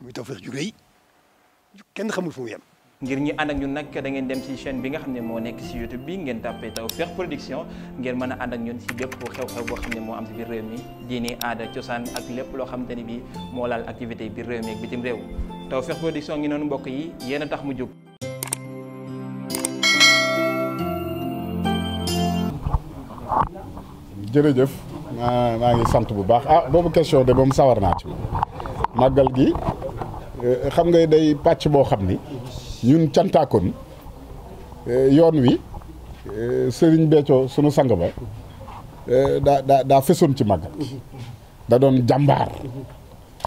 muy Tawfekh ju rëy kenn xamul fu mu ngir ñi ànd ak ñun nag da ngeen dem ci chaîne bi nga xam ne moo nekk ci YouTube bi ngeen tàppee Tawfekh Production ngeen mën a ànd ak ñun ci bépp xew-xew boo xam ne moo am biir réew mi diini aada cosaan ak lépp loo xamante ni bi moo laal activité biir réew mi ak bitim réew Tawfekh Production ngi noonu mbokk yi yéen a tax mu jóg. jërëjëf maa ngi sant bu baax ah boobu question de moom sawar naa ci màggal gi. Euh, xam nga day pàcc boo xam ni ñun cantaakon euh, yoon wi euh, Serigne Béthio sunu sang ba daa daa daa fësoon ci màggal da doon jàmbaar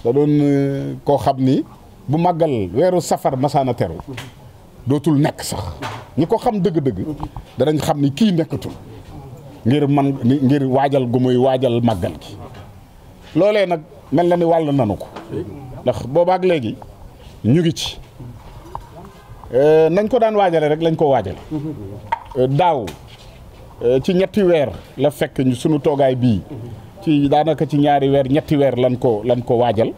da doon koo xam ni bu màggal weeru safar masaana teru dootul nekk sax ñi ko xam dëgg-dëgg danañ xam ni kii nekkatul ngir man ngir waajal gu muy waajal màggal gi loolee nag mel na ni wàll nanu ko ndax boobaak léegi ñu ngi ci euh, nañ ko daan waajale rek lañ ko waajale euh, daaw euh, ci ñetti weer la fekk sunu toogaay bii ci daanaka ci ñaari weer ñetti weer lan ko lan ko waajal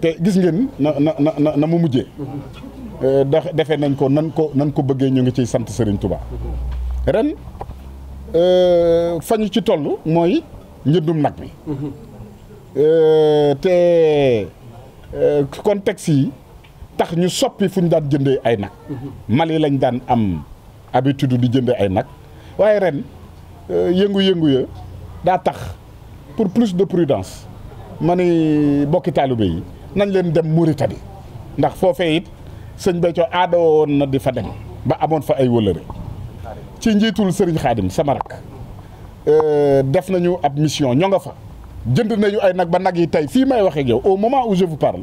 te gis ngeen na na na na mu mujjee da defe nañ ko nan ko nan ko bëggee ñu ngi ciy sant sëriñ Touba ren fañu ci toll mooy njëndum nag mi te kon euh, contexte yi tax ñu soppi fu ñu daan jëndee ay nag mhm. Mali lañ daan am habitude di jëndee ay nag waaye ren euh, yëngu-yëngu ya daa tax pour plus de prudence ma ni bokki taalibe yi nañ leen dem Mauritanie ndax foo it sëñ Béthio aada woon na di fa dem ba amoon fa ay wëlëre ci njiitul sëriñ Xaadim sama rak euh, def nañu ab mission ñoo nga fa jënd nañu ay nag ba nag yi tey fii may waxee ak yow moment où je vous parle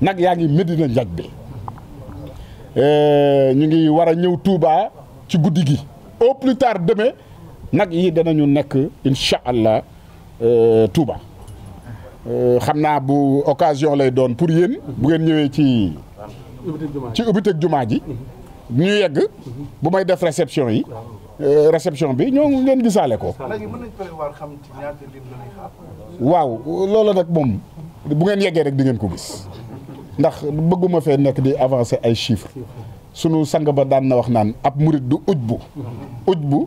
nag yaa ngi Medina Njaaj bi euh, ñu ngi war a ñëw tuubaa ci guddi gi au plus tard demain nag yi danañu nekk incha allah euh, Touba euh, xam naa bu occasion lay doon pour yéen bu ngeen ñëwee ci ci ubbiteg jumaa ji ñu yegg bu may def réception yi Euh, reception bi ñoo ngeen gisaale ko. waaw loolu nag moom bu ngeen yeggee rek di ngeen ko gis ndax bëgguma fee nekk di avancer ay chiffres sunu sang ba daan na wax naan ab murit du uj bu uj bu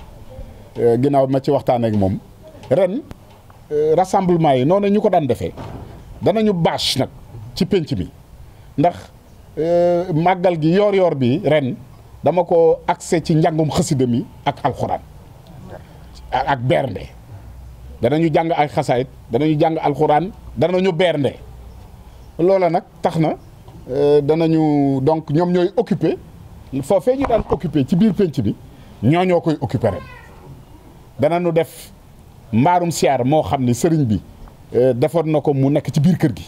Euh, ginnaaw ma ci waxtaan ak moom ren euh, rassemblement yi noonu ñu ko daan defee danañu bâche nag ci pénc mi ndax euh, màggal gi yoor-yoor bii ren dama ko accès ci njàngum xasida mi ak alxuraan ak bernde danañu jàng ay xasaayit danañu jàng alxuraan ñu bernde loola nag tax na danañu donc ñoom ñooy occupé foofee ñu daan occupé ci biir pénc bi ñoo ñoo koy occupé ren danañu def mbaarum siyaar moo xam ni sëriñ bi euh, defoon na ko mu nekk ci biir kër gi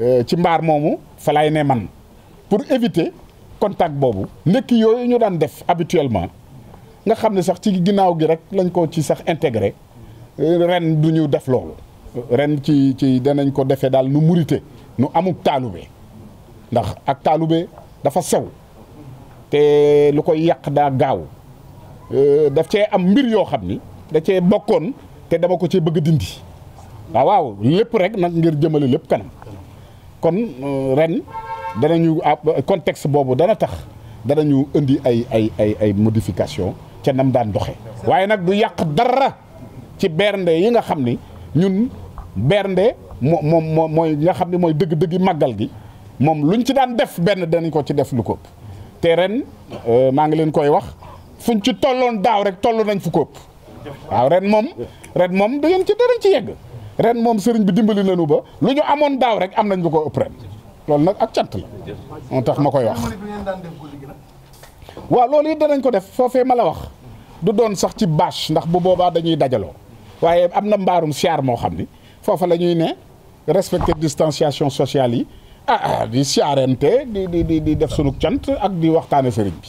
euh, ci mbaar moomu fa ne man pour éviter contact boobu ndekki yooyu ñu daan def habituellement nga xam ne sax ci ginnaaw gi rek lañ ko ci sax integre euh, ren du ñu def loolu ren ci ci danañ ko defee daal nu murite nu amuk taalube ndax ak taalube dafa sew te lu koy yàq daa gaaw Euh, daf cee am mbir yoo xam ni da cee bokkoon te dama ko cee bëgg dindi waaw ah, waaw lépp rek nag ngir jëmale lépp kanam kon euh, ren dana danañu ah, contexte boobu dana tax danañu indi ay ay ay ay modification ca nam daan doxe waaye nag du yàq dara ci bernde yi nga xam ni ñun bernde moo moom moom mooy nga xam ne mooy dëgg-dëggi màggal gi moom luñ ci daan def benn danañ ko ci def lu ko te ren euh, maa ngi leen koy wax fuñ ci tolloon daaw rek toll nañ fu kóob waaw ren moom ren moom da ngeen ci darañ ren moom sëriñ bi dimbali nañu ba lu ñu amoon daaw rek am nañ lu ko ëpp ren loolu nag ak cant la moo tax ma koy wax waaw loolu it danañ ko def foofee ma la wax du doon sax ci bâche ndax bu boobaa dañuy dajaloo waaye am na mbaarum siyaar moo xam ni foofa la ñuy ne respecter distanciation sociale yi ah, ah di siyaarente di di di def sunu cant ak di waxtaane sëriñ bi